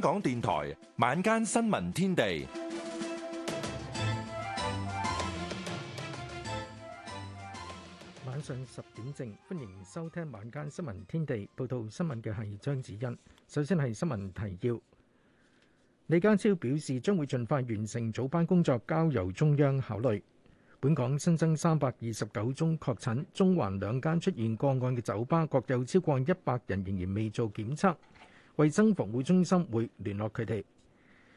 香港電台晚間新聞天地，晚上十點正，歡迎收聽晚間新聞天地。報道新聞嘅係張子欣。首先係新聞提要。李家超表示，將會盡快完成早班工作，交由中央考慮。本港新增三百二十九宗確診，中環兩間出現個案嘅酒吧各有超過一百人仍然未做檢測。衞生防護中心會聯絡佢哋。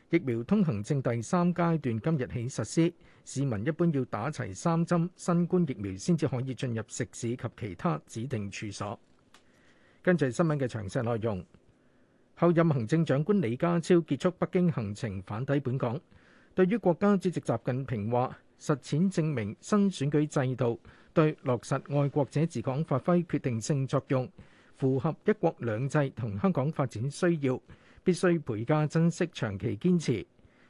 疫苗通行證第三階段今日起實施，市民一般要打齊三針新冠疫苗先至可以進入食肆及其他指定處所。跟住係新聞嘅詳細內容。候任行政長官李家超結束北京行程返抵本港，對於國家主席習近平話：實踐證明新選舉制度對落實愛國者治港發揮決定性作用。符合一國兩制同香港發展需要，必須倍加珍惜、長期堅持。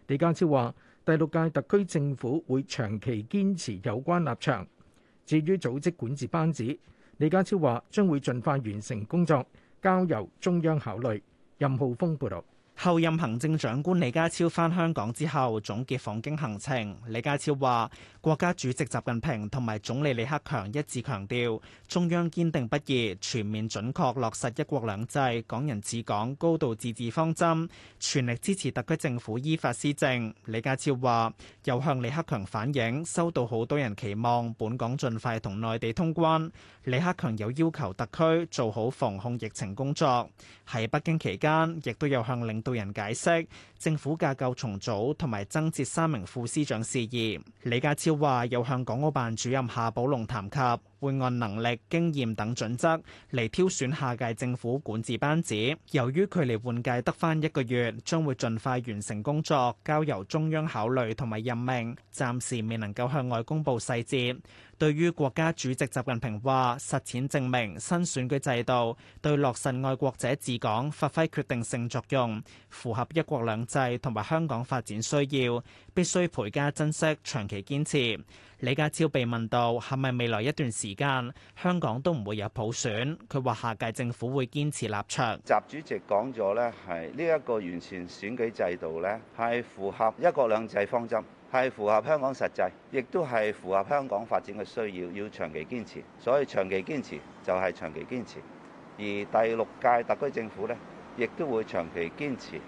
李家超話，第六屆特區政府會長期堅持有關立場。至於組織管治班子，李家超話將會盡快完成工作，交由中央考慮。任浩峰報道。候任行政長官李家超返香港之後總結訪京行程，李家超話：國家主席習近平同埋總理李克強一致強調，中央堅定不移全面準確落實一國兩制、港人治港、高度自治方針，全力支持特區政府依法施政。李家超話：又向李克強反映，收到好多人期望本港盡快同內地通關。李克強有要求特區做好防控疫情工作。喺北京期間，亦都有向領。對人解釋。政府架構重組同埋增設三名副司長事宜，李家超話又向港澳辦主任夏寶龍談及，會按能力、經驗等準則嚟挑選下屆政府管治班子。由於距離換屆得翻一個月，將會盡快完成工作，交由中央考慮同埋任命。暫時未能夠向外公布細節。對於國家主席習近平話，實踐證明新選舉制度對落實愛國者治港發揮決定性作用，符合一國兩。制同埋香港發展需要，必須倍加珍惜，長期堅持。李家超被問到係咪未來一段時間香港都唔會有普選，佢話：下屆政府會堅持立場。習主席講咗呢，係呢一個完善選舉制度呢，係符合一國兩制方針，係符合香港實際，亦都係符合香港發展嘅需要，要長期堅持。所以長期堅持就係長期堅持，而第六屆特區政府呢，亦都會長期堅持。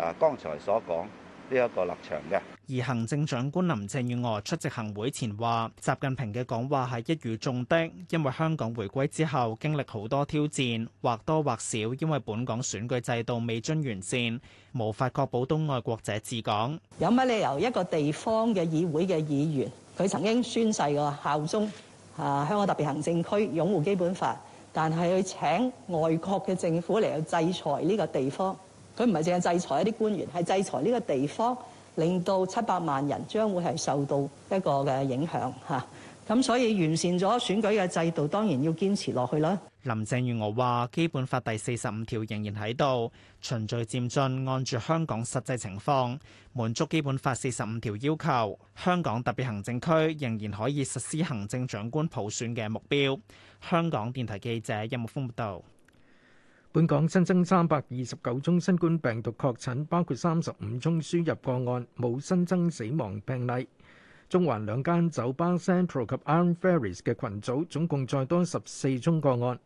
啊！剛才所講呢一個立場嘅，而行政長官林鄭月娥出席行會前話，習近平嘅講話係一語中的，因為香港回歸之後經歷好多挑戰，或多或少，因為本港選舉制度未臻完善，無法確保由愛國者治港。有乜理由一個地方嘅議會嘅議員，佢曾經宣誓過效忠啊香港特別行政區，擁護基本法，但係去請外國嘅政府嚟去制裁呢個地方？.佢唔係淨係制裁一啲官員，係制裁呢個地方，令到七百萬人將會係受到一個嘅影響嚇。咁、啊、所以完善咗選舉嘅制度，當然要堅持落去啦。林鄭月娥話：基本法第四十五條仍然喺度，循序漸進，按住香港實際情況，滿足基本法四十五條要求，香港特別行政區仍然可以實施行政長官普選嘅目標。香港電台記者任木豐報道。本港新增三百二十九宗新冠病毒確診，包括三十五宗輸入個案，冇新增死亡病例。中環兩間酒吧 San Pro 及 Iron Ferris 嘅群組總共再多十四宗個案。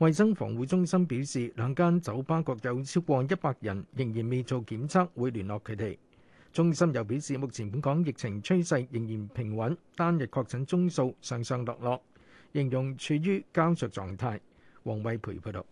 衛生防護中心表示，兩間酒吧各有超過一百人仍然未做檢測，會聯絡佢哋。中心又表示，目前本港疫情趨勢仍然平穩，單日確診宗數上上落落，形容處於膠著狀態。黃惠培報道。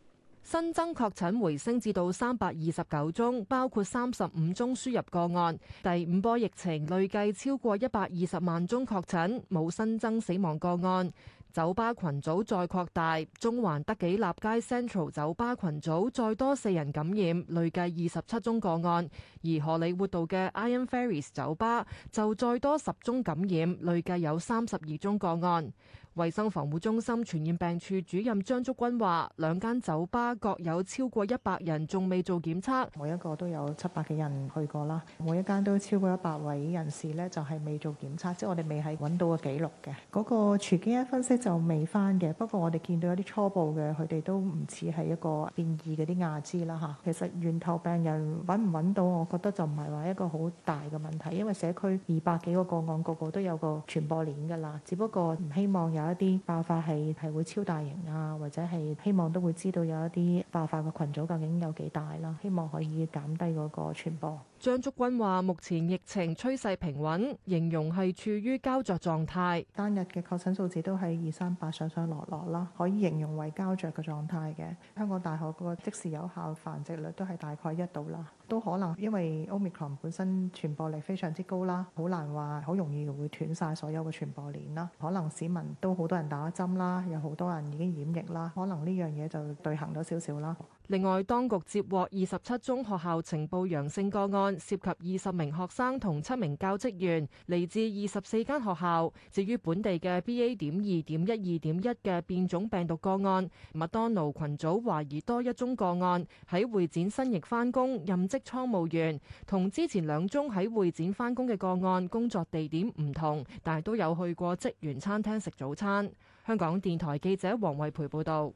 新增確診回升至到三百二十九宗，包括三十五宗輸入個案。第五波疫情累計超過一百二十萬宗確診，冇新增死亡個案。酒吧群組再擴大，中環德己立街 Central 酒吧群組再多四人感染，累計二十七宗個案。而荷里活道嘅 Iron Fairies 酒吧就再多十宗感染，累計有三十二宗個案。衛生防護中心傳染病處主任張竹君話，兩間酒吧各有超過一百人仲未做檢測，每一個都有七百幾人去過啦，每一間都超過一百位人士呢，就係未做檢測，即係我哋未係搵到個記錄嘅。嗰個全基因分析就未翻嘅，不過我哋見到有啲初步嘅，佢哋都唔似係一個變異嗰啲亞支啦吓。其實源頭病人搵唔搵到，我覺得就唔係話一個好大嘅問題，因為社區二百幾個個案，個個都有個傳播鏈噶啦，只不過唔希望有。有一啲爆發係係會超大型啊，或者係希望都會知道有一啲爆發嘅群組究竟有幾大啦。希望可以減低嗰個傳播。張竹君話：目前疫情趨勢平穩，形容係處於膠着狀態。單日嘅確診數字都係二三八上上落落啦，可以形容為膠着嘅狀態嘅。香港大學個即時有效繁殖率都係大概一度啦。都可能，因為 Omicron 本身傳播力非常之高啦，好難話好容易會斷晒所有嘅傳播鏈啦。可能市民都好多人打針啦，有好多人已經染疫啦，可能呢樣嘢就對行咗少少啦。另外，當局接獲二十七宗學校呈報陽性個案，涉及二十名學生同七名教職員，嚟自二十四間學校。至於本地嘅 BA. 點二點一二點一嘅變種病毒個案，麥當勞群組懷疑多一宗個案喺會展新翼翻工，任職倉務員，同之前兩宗喺會展翻工嘅個案工作地點唔同，但係都有去過職員餐廳食早餐。香港電台記者黃慧培報導。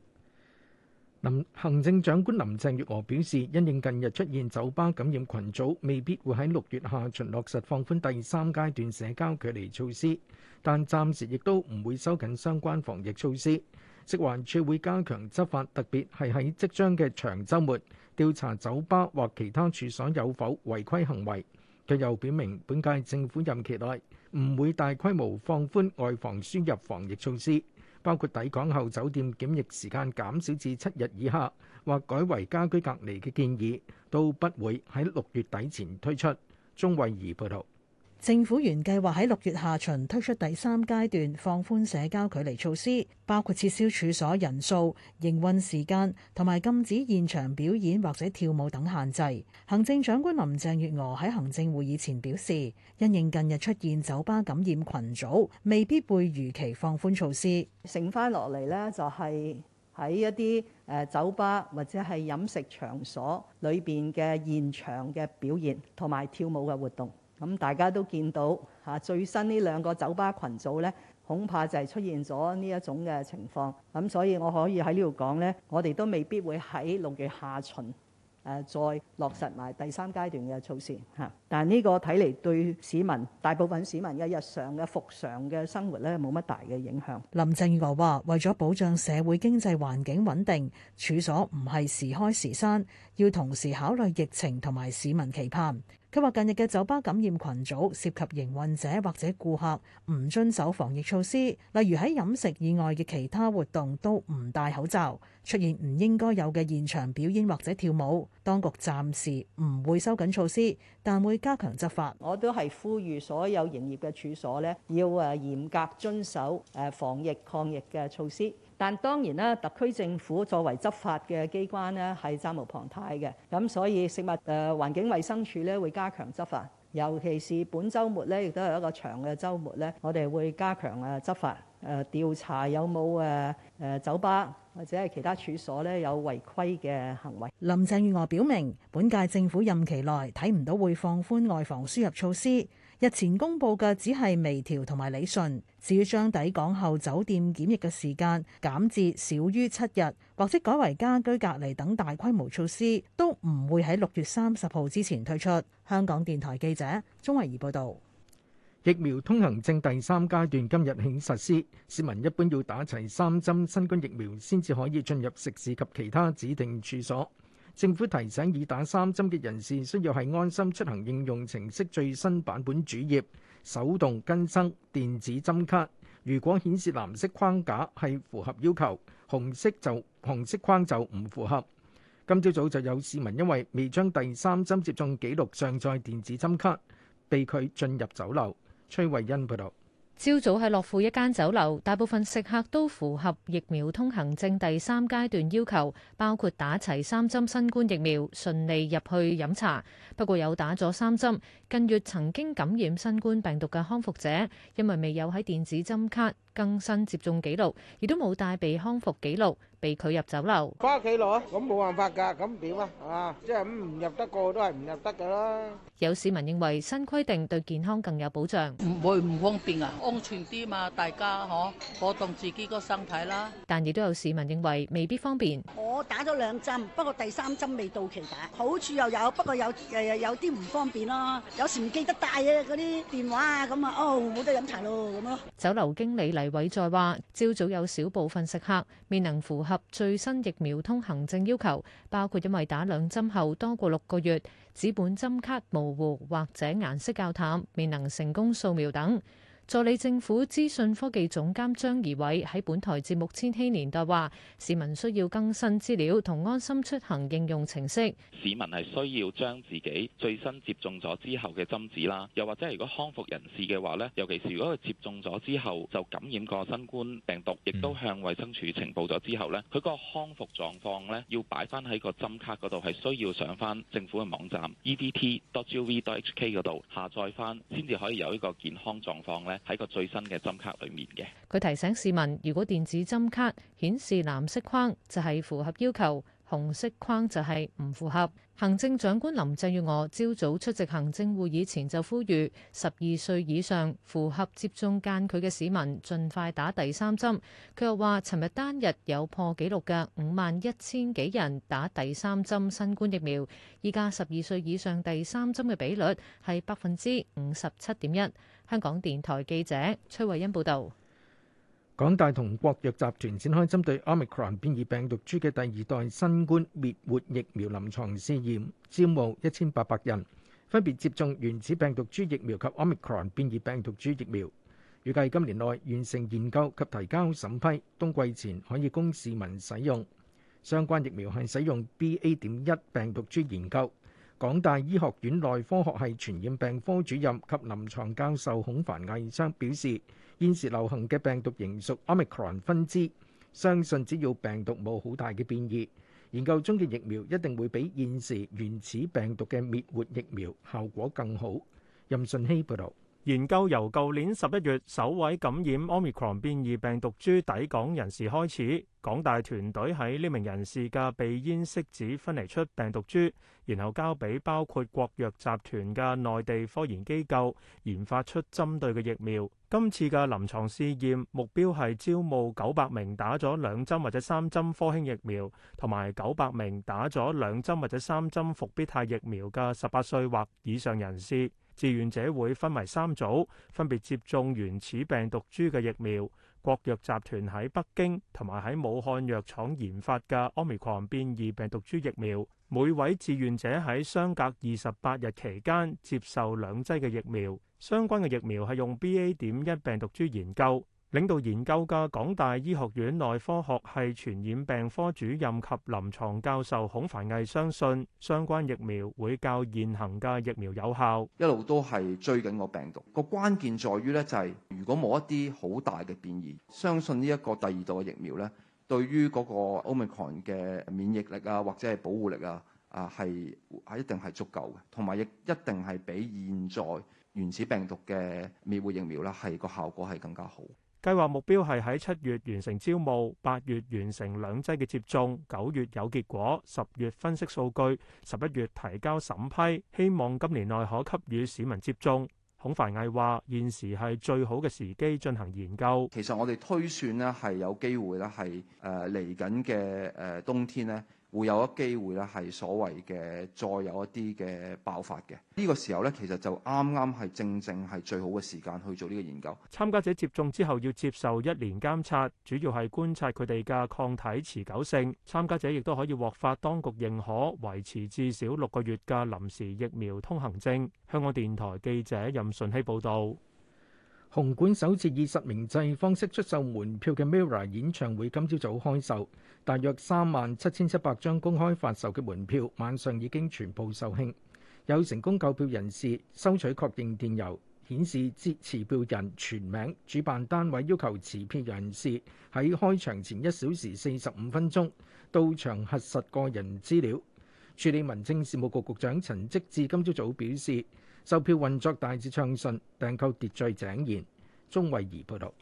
行政長官林鄭月娥表示，因應近日出現酒吧感染群組，未必會喺六月下旬落實放寬第三階段社交距離措施，但暫時亦都唔會收緊相關防疫措施。食環署會加強執法，特別係喺即將嘅長週末，調查酒吧或其他處所有否違規行為。佢又表明，本屆政府任期內唔會大規模放寬外防輸入防疫措施。包括抵港後酒店檢疫時間減少至七日以下，或改為家居隔離嘅建議，都不會喺六月底前推出。鍾慧儀報導。政府原計劃喺六月下旬推出第三階段放寬社交距離措施，包括撤銷處所人數、營運時間同埋禁止現場表演或者跳舞等限制。行政長官林鄭月娥喺行政會議前表示，因應近日出現酒吧感染群組，未必會如期放寬措施。剩翻落嚟咧，就係，喺一啲誒酒吧或者係飲食場所裏邊嘅現場嘅表現同埋跳舞嘅活動。咁大家都見到吓最新呢兩個酒吧群組呢，恐怕就係出現咗呢一種嘅情況。咁所以我可以喺呢度講呢，我哋都未必會喺六月下旬誒再落實埋第三階段嘅措施吓。但係呢個睇嚟對市民大部分市民嘅日常嘅復常嘅生活呢，冇乜大嘅影響。林鄭月娥話：為咗保障社會經濟環境穩定，處所唔係時開時閂，要同時考慮疫情同埋市民期盼。佢話：近日嘅酒吧感染群組涉及營運者或者顧客唔遵守防疫措施，例如喺飲食以外嘅其他活動都唔戴口罩，出現唔應該有嘅現場表演或者跳舞。當局暫時唔會收緊措施，但會加強執法。我都係呼籲所有營業嘅處所咧，要誒嚴格遵守誒防疫抗疫嘅措施。但當然啦，特區政府作為執法嘅機關咧，係責無旁貸嘅。咁所以食物誒、呃、環境衞生署咧會加強執法，尤其是本週末咧亦都係一個長嘅週末咧，我哋會加強啊執法誒、呃、調查有冇誒誒酒吧或者係其他處所咧有違規嘅行為。林鄭月娥表明，本屆政府任期內睇唔到會放寬外防輸入措施。日前公布嘅只係微調同埋理順。至於將抵港後酒店檢疫嘅時間減至少於七日，或者改為家居隔離等大規模措施，都唔會喺六月三十號之前推出。香港電台記者鍾慧儀報道。疫苗通行證第三階段今日起實施，市民一般要打齊三針新冠疫苗先至可以進入食肆及其他指定處所。政府提醒已打三針嘅人士，需要係安心出行應用程式最新版本主頁手動更新電子針卡。如果顯示藍色框架係符合要求，紅色就紅色框就唔符合。今朝早就有市民因為未將第三針接種記錄上載電子針卡，被拒進入酒樓，崔慧欣報道。朝早喺樂富一間酒樓，大部分食客都符合疫苗通行證第三階段要求，包括打齊三針新冠疫苗，順利入去飲茶。不過有打咗三針，近月曾經感染新冠病毒嘅康復者，因為未有喺電子針卡更新接種記錄，亦都冇帶備康復記錄，被拒入酒樓。翻屋企攞，咁冇辦法㗎，咁點啊？啊，即係唔入得過都係唔入得㗎啦。有市民認為新規定對健康更有保障，唔會唔方便啊，安全啲嘛，大家可可當自己個身體啦。但亦都有市民認為未必方便。我打咗兩針，不過第三針未到期打。好處又有，不過有又有有啲唔方便咯。有時唔記得帶啊嗰啲電話啊，咁啊哦冇得飲茶咯咁咯。酒樓經理。黎偉在話，朝早有少部分食客未能符合最新疫苗通行證要求，包括因為打兩針後多過六個月，紙本針卡模糊或者顏色較淡，未能成功掃描等。助理政府資訊科技總監張怡偉喺本台節目《千禧年代》話：市民需要更新資料同安心出行應用程式。市民係需要將自己最新接種咗之後嘅針紙啦，又或者係如果康復人士嘅話呢，尤其是如果佢接種咗之後就感染過新冠病毒，亦都向衞生署呈報咗之後呢，佢個康復狀況呢要擺翻喺個針卡嗰度，係需要上翻政府嘅網站 ept.gov.hk 嗰度下載翻，先至可以有呢個健康狀況呢，喺個最新嘅針卡裏面嘅佢提醒市民，如果電子針卡顯示藍色框，就係符合要求；紅色框就係唔符合。行政長官林鄭月娥朝早出席行政會議前就呼籲，十二歲以上符合接種間距嘅市民盡快打第三針。佢又話，尋日單日有破紀錄嘅五萬一千幾人打第三針新冠疫苗，依家十二歲以上第三針嘅比率係百分之五十七點一。香港電台記者崔慧欣報道，港大同國藥集團展開針對 Omicron 變異病毒株嘅第二代新冠滅活疫苗臨床試驗，招募一千八百人，分別接種原始病毒株疫苗及 Omicron 變異病毒株疫苗，預計今年內完成研究及提交審批，冬季前可以供市民使用。相關疫苗係使用 BA 點一病毒株研究。港大醫學院內科學系傳染病科主任及臨床教授孔凡毅醫生表示：現時流行嘅病毒仍屬 omicron 分支，相信只要病毒冇好大嘅變異，研究中嘅疫苗一定會比現時原始病毒嘅滅活疫苗效果更好。任順希報道。研究由舊年十一月首位感染 omicron 變異病毒株抵港人士開始，港大團隊喺呢名人士嘅鼻咽拭子分離出病毒株，然後交俾包括國藥集團嘅內地科研機構，研發出針對嘅疫苗。今次嘅臨床試驗目標係招募九百名打咗兩針或者三針科興疫苗，同埋九百名打咗兩針或者三針復必泰疫苗嘅十八歲或以上人士。志願者會分為三組，分別接種原始病毒株嘅疫苗，國藥集團喺北京同埋喺武漢藥廠研發嘅 Omicron 變異病毒株疫苗，每位志願者喺相隔二十八日期間接受兩劑嘅疫苗。相關嘅疫苗係用 BA 點一病毒株研究。領導研究嘅港大醫學院內科學系傳染病科主任及臨牀教授孔凡毅相信，相關疫苗會較現行嘅疫苗有效。一路都係追緊個病毒，個關鍵在於咧，就係如果冇一啲好大嘅變異，相信呢一個第二代嘅疫苗咧，對於嗰個 Omicron 嘅免疫力啊，或者係保護力啊，啊係啊一定係足夠嘅，同埋亦一定係比現在原始病毒嘅滅活疫苗啦，係個效果係更加好。計劃目標係喺七月完成招募，八月完成兩劑嘅接種，九月有結果，十月分析數據，十一月提交審批，希望今年內可給予市民接種。孔繁毅話：現時係最好嘅時機進行研究。其實我哋推算呢，係有機會咧，係誒嚟緊嘅誒冬天呢。會有一機會咧，係所謂嘅再有一啲嘅爆發嘅呢個時候咧，其實就啱啱係正正係最好嘅時間去做呢個研究。參加者接種之後要接受一年監測，主要係觀察佢哋嘅抗體持久性。參加者亦都可以獲發當局認可維持至少六個月嘅臨時疫苗通行證。香港電台記者任順熙報導。紅館首次以實名制方式出售門票嘅 MIRROR 演唱會今朝早，早開售，大約三萬七千七百張公開發售嘅門票，晚上已經全部售罄。有成功購票人士收取確認電郵，顯示持票人全名、主辦單位。要求持票人士喺開場前一小時四十五分鐘到場核實個人資料。處理民政事務局局長陳積志今朝早，早表示。售票運作大致暢順，訂購秩序井然。鍾慧儀報導。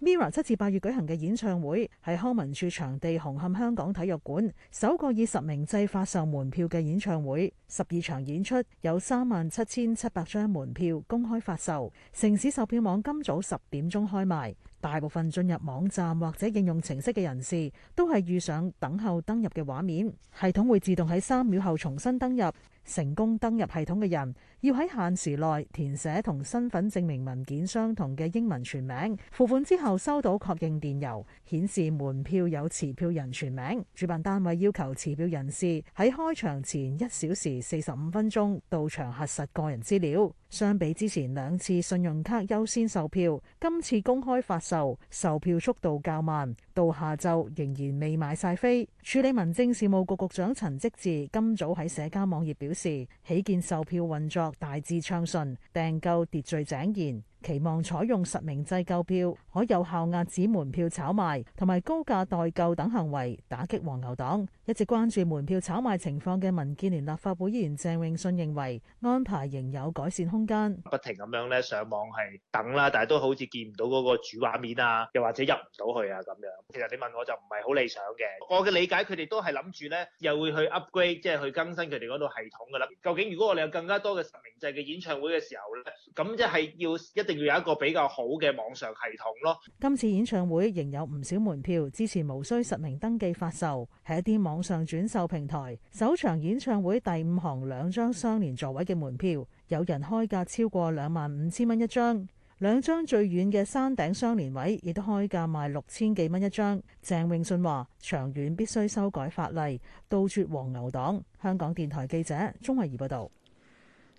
Mirror 七至八月舉行嘅演唱會係康文署場地紅磡香港體育館首個以實名制發售門票嘅演唱會。十二場演出有三萬七千七百張門票公開發售，城市售票網今早十點鐘開賣。大部分進入網站或者應用程式嘅人士都係遇上等候登入嘅畫面，系統會自動喺三秒後重新登入。成功登入系統嘅人要喺限時內填寫同身份證明文件相同嘅英文全名，付款之後收到確認電郵，顯示門票有持票人全名。主辦單位要求持票人士喺開場前一小時四十五分鐘到場核實個人資料。相比之前兩次信用卡優先售票，今次公開發售售票速度較慢，到下晝仍然未買晒飛。處理民政事務局局長陳積志今早喺社交網頁表示，喜見售票運作。大致暢順，訂購秩序井然。期望採用實名制購票，可有效壓止門票炒賣同埋高價代購等行為，打擊黃牛黨。一直關注門票炒賣情況嘅民建聯立法會議員鄭泳舜認為，安排仍有改善空間。不停咁樣咧上網係等啦，但係都好似見唔到嗰個主畫面啊，又或者入唔到去啊咁樣。其實你問我就唔係好理想嘅。我嘅理解佢哋都係諗住咧，又會去 upgrade 即係去更新佢哋嗰度系統噶啦。究竟如果我哋有更加多嘅實名制嘅演唱會嘅時候咧，咁即係要一一定要有一個比較好嘅網上系統咯。今次演唱會仍有唔少門票支持，無需實名登記發售，係一啲網上轉售平台。首場演唱會第五行兩張雙連座位嘅門票，有人開價超過兩萬五千蚊一張。兩張最遠嘅山頂雙連位亦都開價賣六千幾蚊一張。鄭永信話：長遠必須修改法例，杜絕黃牛黨。香港電台記者鍾慧儀報道。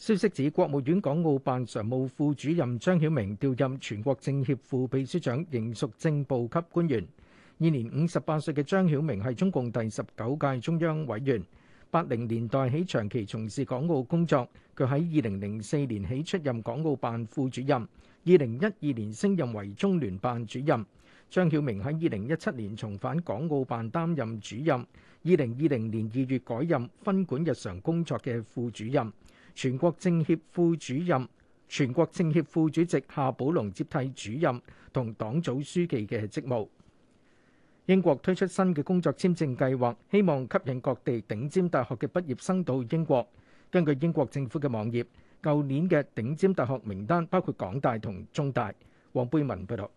消息指，國務院港澳辦常務副主任張曉明調任全國政協副秘書長，仍屬正部級官員。現年五十八歲嘅張曉明係中共第十九屆中央委員，八零年代起長期從事港澳工作。佢喺二零零四年起出任港澳辦副主任，二零一二年升任為中聯辦主任。張曉明喺二零一七年重返港澳辦擔任主任，二零二零年二月改任分管日常工作嘅副主任。全國政協副主任、全國政協副主席夏寶龍接替主任同黨組書記嘅職務。英國推出新嘅工作簽證計劃，希望吸引各地頂尖大學嘅畢業生到英國。根據英國政府嘅網頁，舊年嘅頂尖大學名單包括港大同中大。黃貝文報道。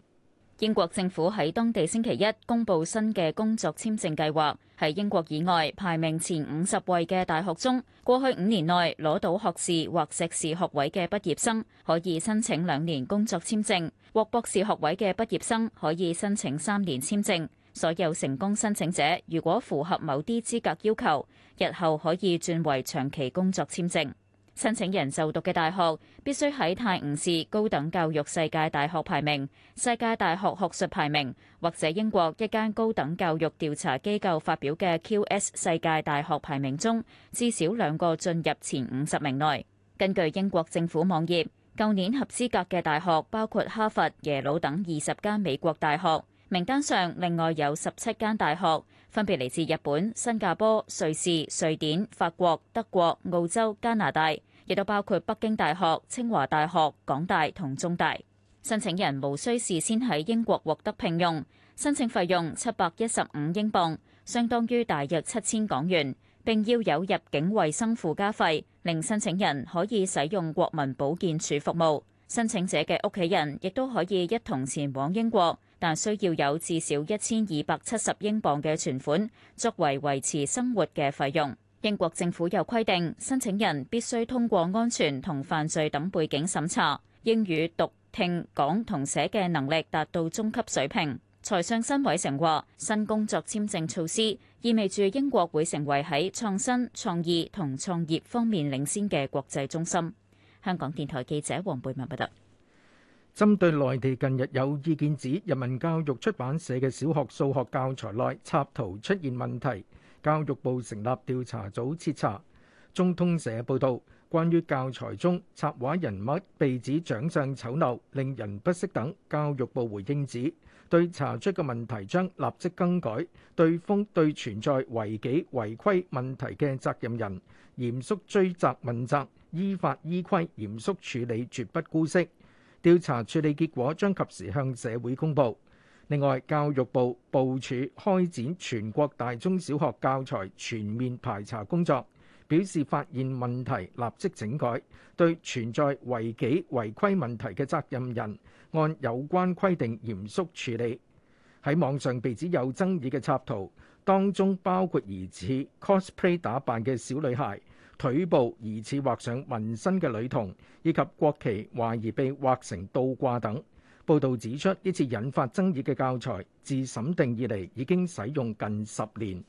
英國政府喺當地星期一公布新嘅工作簽證計劃，喺英國以外排名前五十位嘅大學中，過去五年內攞到學士或碩士學位嘅畢業生可以申請兩年工作簽證，獲博士學位嘅畢業生可以申請三年簽證。所有成功申請者如果符合某啲資格要求，日後可以轉為長期工作簽證。申請人就讀嘅大學必須喺泰晤士高等教育世界大學排名、世界大學學術排名或者英國一間高等教育調查機構發表嘅 QS 世界大學排名中至少兩個進入前五十名內。根據英國政府網頁，舊年合資格嘅大學包括哈佛、耶魯等二十間美國大學，名單上另外有十七間大學。分別嚟自日本、新加坡、瑞士、瑞典、法國、德國、澳洲、加拿大，亦都包括北京大學、清華大學、港大同中大。申請人無需事先喺英國獲得聘用，申請費用七百一十五英鎊，相當於大約七千港元，並要有入境衞生附加費，令申請人可以使用國民保健署服務。申請者嘅屋企人亦都可以一同前往英國，但需要有至少一千二百七十英鎊嘅存款作為維持生活嘅費用。英國政府又規定，申請人必須通過安全同犯罪等背景審查，英語讀聽講同寫嘅能力達到中級水平。財相辛偉誠話：新工作簽證措施意味住英國會成為喺創新、創意同創業方面領先嘅國際中心。香港電台記者黃貝文報道：針對內地近日有意見指人民教育出版社嘅小學數學教材內插圖出現問題，教育部成立調查組徹查。中通社報道，關於教材中插畫人物被指長相醜陋、令人不適等，教育部回應指，對查出嘅問題將立即更改，對封對存在違紀違規問題嘅責任人嚴肅追責問責。依法依規嚴肅處理，絕不姑息。調查處理結果將及時向社會公佈。另外，教育部部署開展全國大中小學教材全面排查工作，表示發現問題立即整改，對存在違紀違規問題嘅責任人按有關規定嚴肅處理。喺網上被指有爭議嘅插圖，當中包括疑似 cosplay 打扮嘅小女孩。腿部疑似畫上紋身嘅女童，以及國旗懷疑被畫成倒掛等。報道指出，呢次引發爭議嘅教材自審定以嚟已經使用近十年。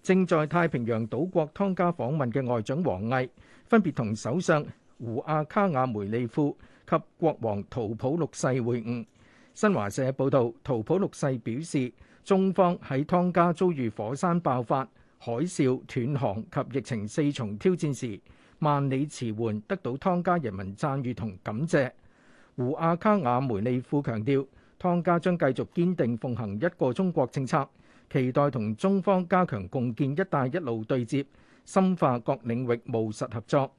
正在太平洋島國湯加訪問嘅外長王毅，分別同首相胡阿卡瓦梅利夫及國王圖普六世會晤。新華社報道，圖普六世表示，中方喺湯加遭遇火山爆發。海嘯、斷航及疫情四重挑戰時，萬里馳援得到湯加人民讚譽同感謝。胡阿卡瓦梅利庫強調，湯加將繼續堅定奉行一個中國政策，期待同中方加強共建「一帶一路」對接，深化各領域務實合作。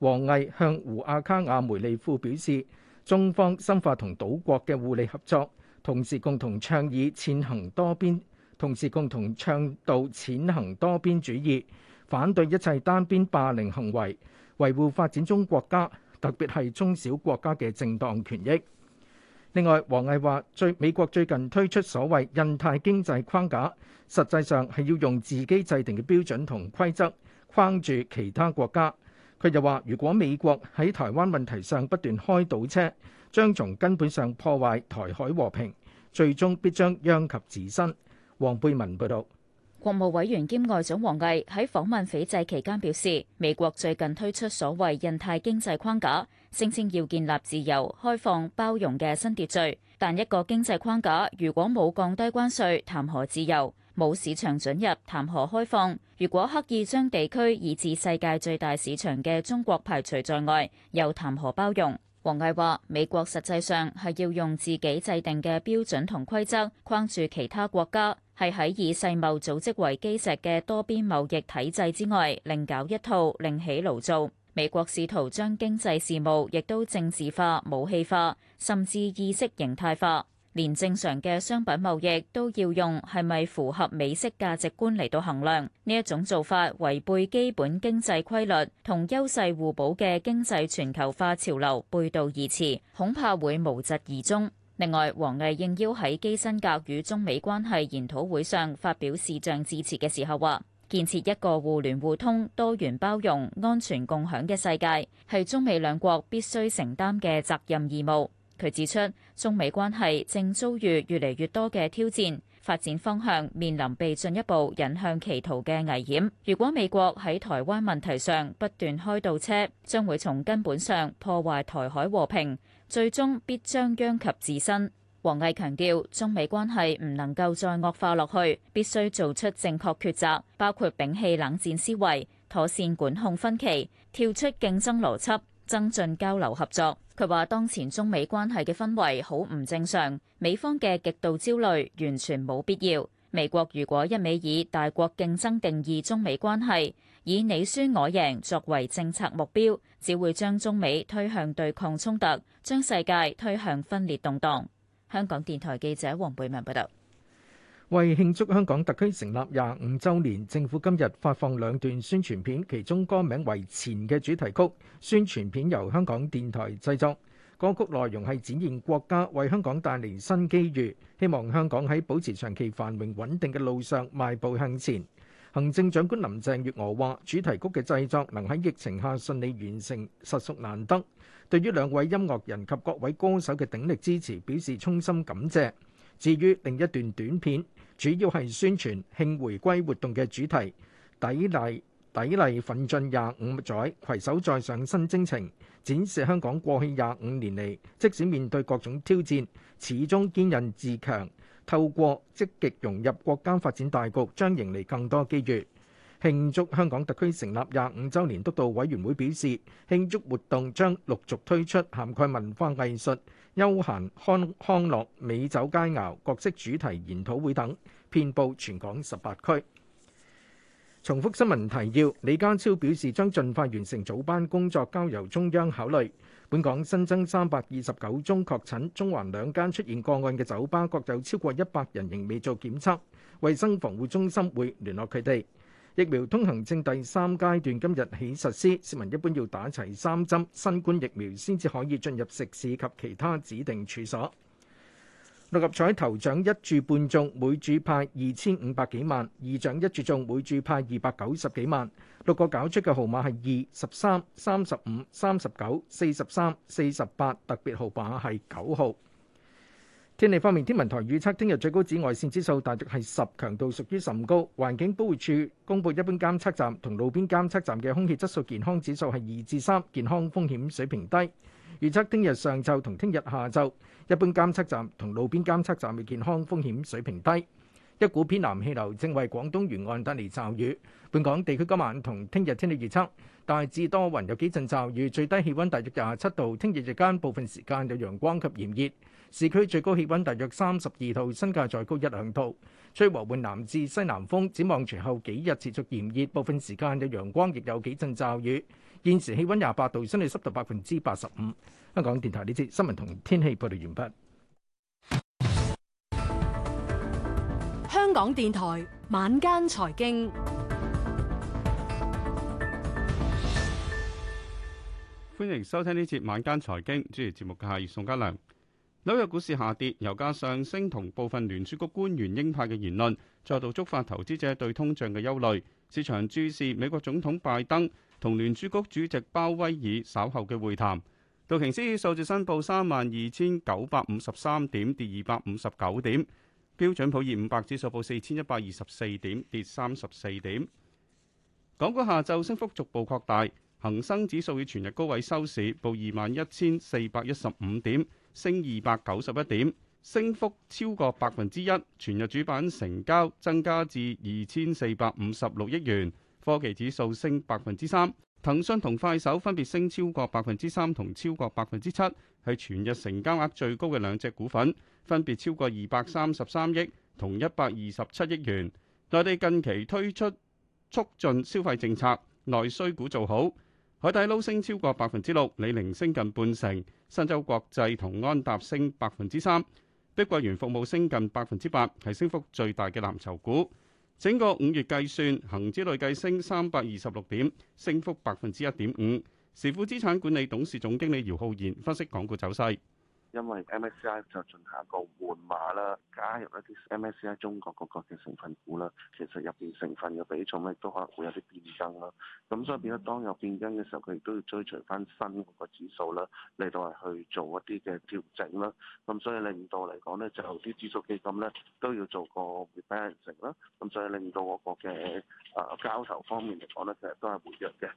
王毅向胡阿卡瓦梅利庫表示，中方深化同島國嘅互利合作，同時共同倡議踐行多邊。同時，共同倡導踐行多邊主義，反對一切單邊霸凌行為，維護發展中國家，特別係中小國家嘅正當權益。另外，王毅話：最美國最近推出所謂印太經濟框架，實際上係要用自己制定嘅標準同規則框住其他國家。佢又話：如果美國喺台灣問題上不斷開倒車，將從根本上破壞台海和平，最終必將殃及自身。王貝文報道，國務委員兼外長王毅喺訪問斐濟期間表示，美國最近推出所謂印太經濟框架，聲稱要建立自由、開放、包容嘅新秩序。但一個經濟框架如果冇降低關稅，談何自由？冇市場准入，談何開放？如果刻意將地區以至世界最大市場嘅中國排除在外，又談何包容？王毅話，美國實際上係要用自己制定嘅標準同規則框住其他國家。係喺以世貿組織為基石嘅多邊貿易體制之外，另搞一套，另起爐灶。美國試圖將經濟事務亦都政治化、武器化，甚至意識形態化，連正常嘅商品貿易都要用，係咪符合美式價值觀嚟到衡量？呢一種做法違背基本經濟規律，同優勢互補嘅經濟全球化潮流，背道而馳，恐怕會無疾而終。另外，王毅應邀喺基辛格與中美關係研討會上發表視像致辭嘅時候話：建設一個互聯互通、多元包容、安全共享嘅世界，係中美兩國必須承擔嘅責任義務。佢指出，中美關係正遭遇越嚟越多嘅挑戰，發展方向面臨被進一步引向歧途嘅危險。如果美國喺台灣問題上不斷開倒車，將會從根本上破壞台海和平。最終必將殃及自身。王毅強調，中美關係唔能夠再惡化落去，必須做出正確抉擇，包括摒棄冷戰思維，妥善管控分歧，跳出競爭邏輯，增進交流合作。佢話：當前中美關係嘅氛圍好唔正常，美方嘅極度焦慮完全冇必要。美國如果一味以大國競爭定義中美關係，以你輸我贏作為政策目標，只會將中美推向對抗衝突，將世界推向分裂動盪。香港電台記者黃貝文報道。為慶祝香港特區成立廿五週年，政府今日發放兩段宣傳片，其中歌名為《前》嘅主題曲。宣傳片由香港電台製作，歌曲內容係展現國家為香港帶嚟新機遇，希望香港喺保持長期繁榮穩定嘅路上邁步向前。行政長官林鄭月娥話：主題曲嘅製作能喺疫情下順利完成，實屬難得。對於兩位音樂人及各位歌手嘅鼎力支持，表示衷心感謝。至於另一段短片，主要係宣傳慶回歸活動嘅主題，砥礪砥礪奮進廿五載，攜手再上新征程，展示香港過去廿五年嚟，即使面對各種挑戰，始終堅韌自強。透過積極融入國家發展大局，將迎嚟更多機遇。慶祝香港特區成立廿五週年，督導委員會表示，慶祝活動將陸續推出涵蓋文化藝術、休閒康康樂、美酒佳餚、各式主題研討會等，遍佈全港十八區。重複新聞提要，李家超表示將盡快完成組班工作，交由中央考慮。本港新增三百二十九宗確診，中環兩間出現個案嘅酒吧各有超過一百人仍未做檢測，衛生防護中心會聯絡佢哋。疫苗通行證第三階段今日起實施，市民一般要打齊三針，新冠疫苗先至可以進入食肆及其他指定處所。六合彩頭獎一注半中，每注派二千五百幾萬；二獎一注中，每注派二百九十幾萬。六個攪出嘅號碼係二、十三、三十五、三十九、四十三、四十八，特別號碼係九號。天氣方面，天文台預測聽日最高紫外線指數大約係十，強度屬於甚高。環境保護署公布一般監測站同路邊監測站嘅空氣質素健康指數係二至三，健康風險水平低。預測聽日上晝同聽日下晝，一般監測站同路邊監測站嘅健康風險水平低。一股偏南氣流正為廣東沿岸帶嚟驟雨。本港地區今晚同聽日天氣預測大致多雲，有幾陣驟雨，最低氣温大約廿七度。聽日日間部分時間有陽光及炎熱，市區最高氣温大約三十二度，新界再高一兩度。吹和緩南至西南風。展望隨後幾日持續炎熱，部分時間有陽光，亦有幾陣驟雨。現時氣温廿八度，相對濕度百分之八十五。香港電台呢節新聞同天氣報道完畢。香港電台晚間財經，歡迎收聽呢節晚間財經。主持節目嘅係宋家良。紐約股市下跌，油價上升，同部分聯儲局官員鷹派嘅言論再度觸發投資者對通脹嘅憂慮。市場注視美國總統拜登。同聯儲局主席鮑威爾稍後嘅會談。道瓊斯數字新報三萬二千九百五十三點，跌二百五十九點。標準普爾五百指數報四千一百二十四點，跌三十四點。港股下晝升幅逐步擴大，恒生指數以全日高位收市，報二萬一千四百一十五點，升二百九十一點，升幅超過百分之一。全日主板成交增加至二千四百五十六億元。科技指數升百分之三，騰訊同快手分別升超過百分之三同超過百分之七，係全日成交額最高嘅兩隻股份，分別超過二百三十三億同一百二十七億元。內地近期推出促進消費政策，內需股做好，海底撈升超過百分之六，李寧升近半成，申洲國際同安踏升百分之三，碧桂園服務升近百分之八，係升幅最大嘅藍籌股。整個五月計算，恒指累計升三百二十六點，升幅百分之一點五。時富資產管理董事總經理姚浩然分析港股走勢。因為 MSCI 就進行一個換馬啦，加入一啲 MSCI 中國各個嘅成分股啦，其實入邊成分嘅比重咧都可能會有啲變更啦。咁所以變咗當有變更嘅時候，佢亦都要追隨翻新嗰個指數啦，嚟到係去做一啲嘅調整啦。咁所以令到嚟講咧，就啲指數基金咧都要做個 rebalancing 啦。咁所以令到我國嘅啊交投方面嚟講咧，其實都係活躍嘅。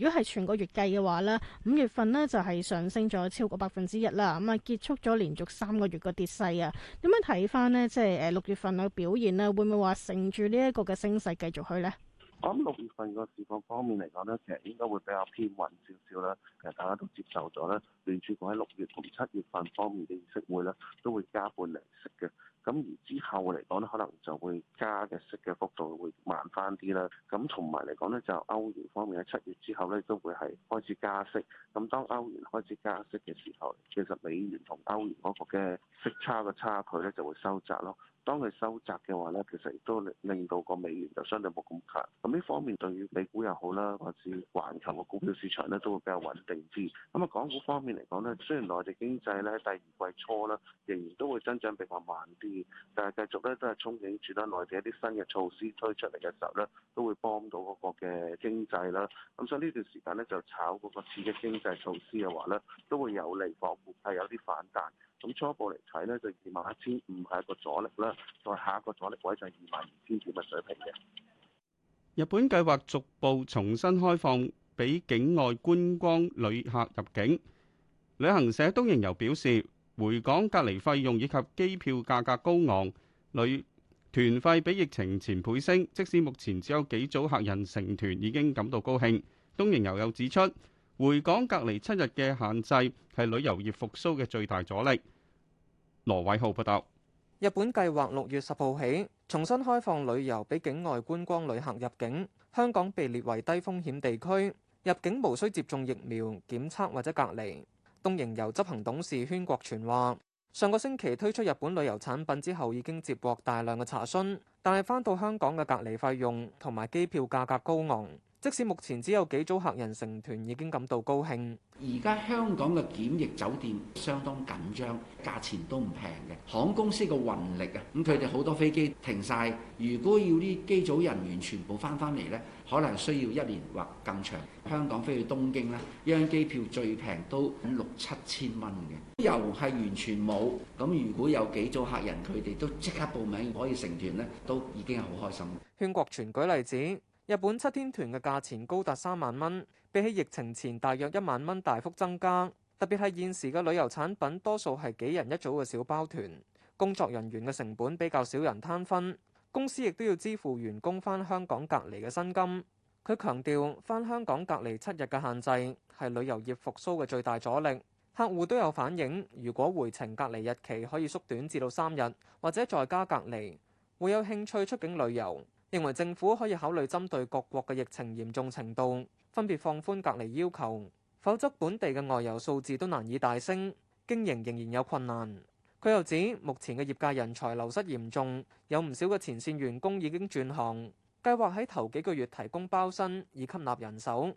如果係全個月計嘅話咧，五月份咧就係上升咗超過百分之一啦，咁啊結束咗連續三個月嘅跌勢啊。點樣睇翻咧？即係誒六月份嘅表現咧，會唔會話乘住呢一個嘅升勢繼續去咧？我諗六月份個市況方面嚟講咧，其實應該會比較偏穩少少啦。其實大家都接受咗啦，咧，聯儲局喺六月同七月份方面嘅議息會咧，都會加半厘息嘅。咁而之後嚟講咧，可能就會加嘅息嘅幅度會慢返啲啦。咁同埋嚟講咧，就歐元方面喺七月之後咧，都會係開始加息。咁當歐元開始加息嘅時候，其實美元同歐元嗰個嘅息差嘅差距咧，就會收窄咯。當佢收窄嘅話咧，其實亦都令到個美元就相對冇咁強。咁呢方面對於美股又好啦，或者環球嘅股票市場咧都會比較穩定啲。咁啊，港股方面嚟講咧，雖然內地經濟咧喺第二季初啦，仍然都會增長比較慢啲，但係繼續咧都係憧憬住咧內地一啲新嘅措施推出嚟嘅時候咧，都會幫到嗰個嘅經濟啦。咁所以呢段時間咧就炒嗰個刺激經濟措施嘅話咧，都會有利港股係有啲反彈。咁初步嚟睇呢就二萬一千五係一個阻力啦，再、就是、下一個阻力位就係二萬二千幾嘅水平嘅。日本計劃逐步重新開放俾境外觀光旅客入境，旅行社東瀛遊表示，回港隔離費用以及機票價格高昂，旅團費比疫情前倍升。即使目前只有幾組客人成團，已經感到高興。東瀛遊又指出。回港隔離七日嘅限制係旅遊業復甦嘅最大阻力。羅偉浩報導。日本計劃六月十號起重新開放旅遊俾境外觀光旅客入境。香港被列為低風險地區，入境無需接種疫苗檢測或者隔離。東瀛遊執行董事禤國全話：上個星期推出日本旅遊產品之後，已經接獲大量嘅查詢，但係返到香港嘅隔離費用同埋機票價格高昂。即使目前只有幾組客人成團，已經感到高興。而家香港嘅檢疫酒店相當緊張，價錢都唔平嘅。航空公司嘅運力啊，咁佢哋好多飛機停晒。如果要啲機組人員全部翻翻嚟呢，可能需要一年或更長。香港飛去東京呢，一張機票最平都六七千蚊嘅，又係完全冇。咁如果有幾組客人，佢哋都即刻報名可以成團呢，都已經係好開心。宣國全舉例子。日本七天團嘅價錢高達三萬蚊，比起疫情前大約一萬蚊大幅增加。特別係現時嘅旅遊產品，多數係幾人一組嘅小包團，工作人員嘅成本比較少人攤分。公司亦都要支付員工返香港隔離嘅薪金。佢強調，返香港隔離七日嘅限制係旅遊業復甦嘅最大阻力。客戶都有反映，如果回程隔離日期可以縮短至到三日，或者在家隔離，會有興趣出境旅遊。認為政府可以考慮針對各國嘅疫情嚴重程度，分別放寬隔離要求，否則本地嘅外遊數字都難以大升，經營仍然有困難。佢又指目前嘅業界人才流失嚴重，有唔少嘅前線員工已經轉行，計劃喺頭幾個月提供包薪以吸納人手。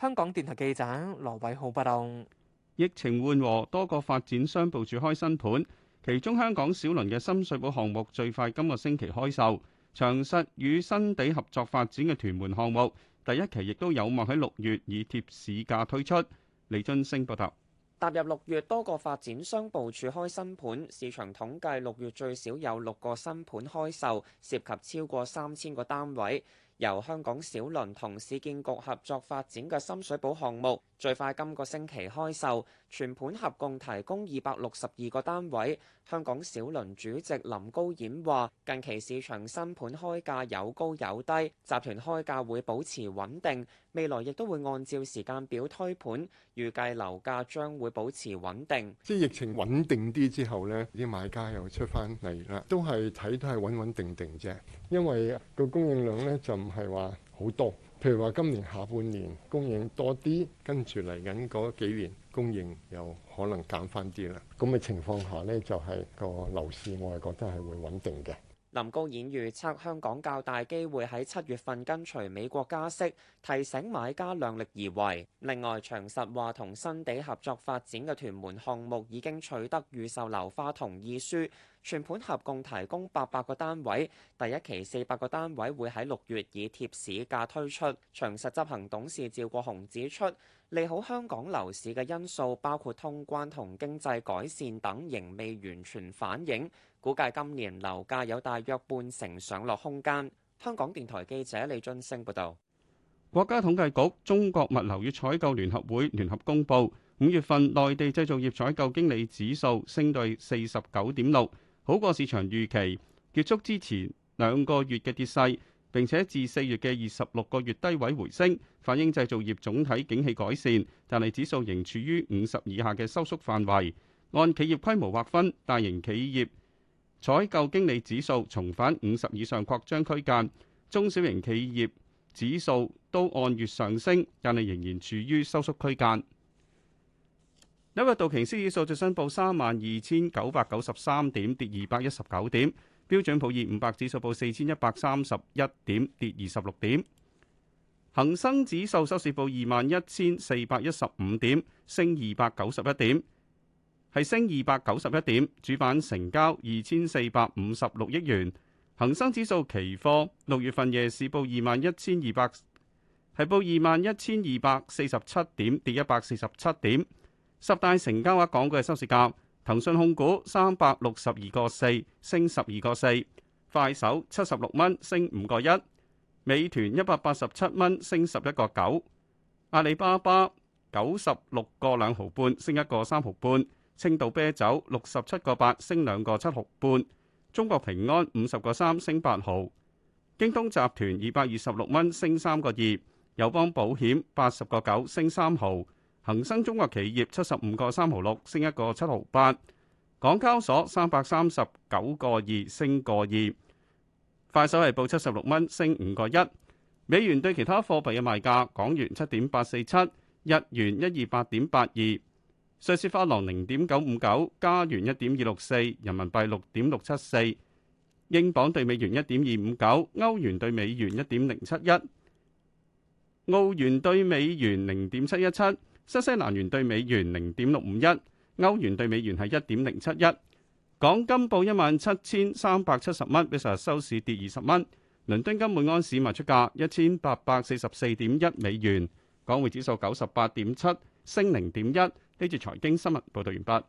香港電台記者羅偉浩報道：疫情緩和，多個發展商部署開新盤，其中香港小輪嘅深水埗項目最快今個星期開售。長實與新地合作發展嘅屯門項目第一期亦都有望喺六月以貼市價推出。李津星報道，踏入六月，多個發展商部署開新盤，市場統計六月最少有六個新盤開售，涉及超過三千個單位。由香港小輪同市建局合作發展嘅深水埗項目，最快今個星期開售，全盤合共提供二百六十二個單位。香港小輪主席林高演話：近期市場新盤開價有高有低，集團開價會保持穩定，未來亦都會按照時間表推盤，預計樓價將會保持穩定。即疫情穩定啲之後呢，啲買家又出翻嚟啦，都係睇都係穩穩定定啫，因為個供應量呢就唔係話好多。譬如話今年下半年供應多啲，跟住嚟緊嗰幾年供應有可能減翻啲啦。咁嘅情況下咧，就係、是、個樓市我係覺得係會穩定嘅。林高演預測香港較大機會喺七月份跟隨美國加息，提醒買家量力而為。另外，長實話同新地合作發展嘅屯門項目已經取得預售樓花同意書，全盤合共提供八百個單位，第一期四百個單位會喺六月以貼市價推出。長實執行董事趙國雄指出，利好香港樓市嘅因素包括通關同經濟改善等，仍未完全反映。估計今年樓價有大約半成上落空間。香港電台記者李津升報道。國家統計局、中國物流與採購聯合會聯合公佈，五月份內地製造業採購經理指數升至四十九點六，好過市場預期。結束之前兩個月嘅跌勢，並且自四月嘅二十六個月低位回升，反映製造業總體景氣改善。但係指數仍處於五十以下嘅收縮範圍。按企業規模劃分，大型企業採購經理指數重返五十以上擴張區間，中小型企業指數都按月上升，但係仍然處於收縮區間。紐約道瓊斯指數最新報三萬二千九百九十三點，跌二百一十九點；標準普爾五百指數報四千一百三十一點，跌二十六點；恒生指數收市報二萬一千四百一十五點，升二百九十一點。係升二百九十一點，主板成交二千四百五十六億元。恒生指數期貨六月份夜市報二萬一千二百，係報二萬一千二百四十七點，跌一百四十七點。十大成交額講句收市價，騰訊控股三百六十二個四，升十二個四；快手七十六蚊，升五個一；美團一百八十七蚊，升十一個九；阿里巴巴九十六個兩毫半，升一個三毫半。青島啤酒六十七個八升兩個七毫半，中國平安五十個三升八毫，京東集團二百二十六蚊升三個二，友邦保險八十個九升三毫，恒生中國企業七十五個三毫六升一個七毫八，港交所三百三十九個二升個二，快手係報七十六蚊升五個一，美元對其他貨幣嘅賣價，港元七點八四七，日元一二八點八二。瑞士法郎零點九五九，加元一點二六四，人民幣六點六七四，英鎊兌美元一點二五九，歐元兌美元一點零七一，澳元兌美元零點七一七，新西蘭元兌美元零點六五一，歐元兌美元係一點零七一。港金報一萬七千三百七十蚊，比上日收市跌二十蚊。倫敦金每安士賣出價一千八百四十四點一美元。港匯指數九十八點七升零點一。呢次財經新聞報道完畢。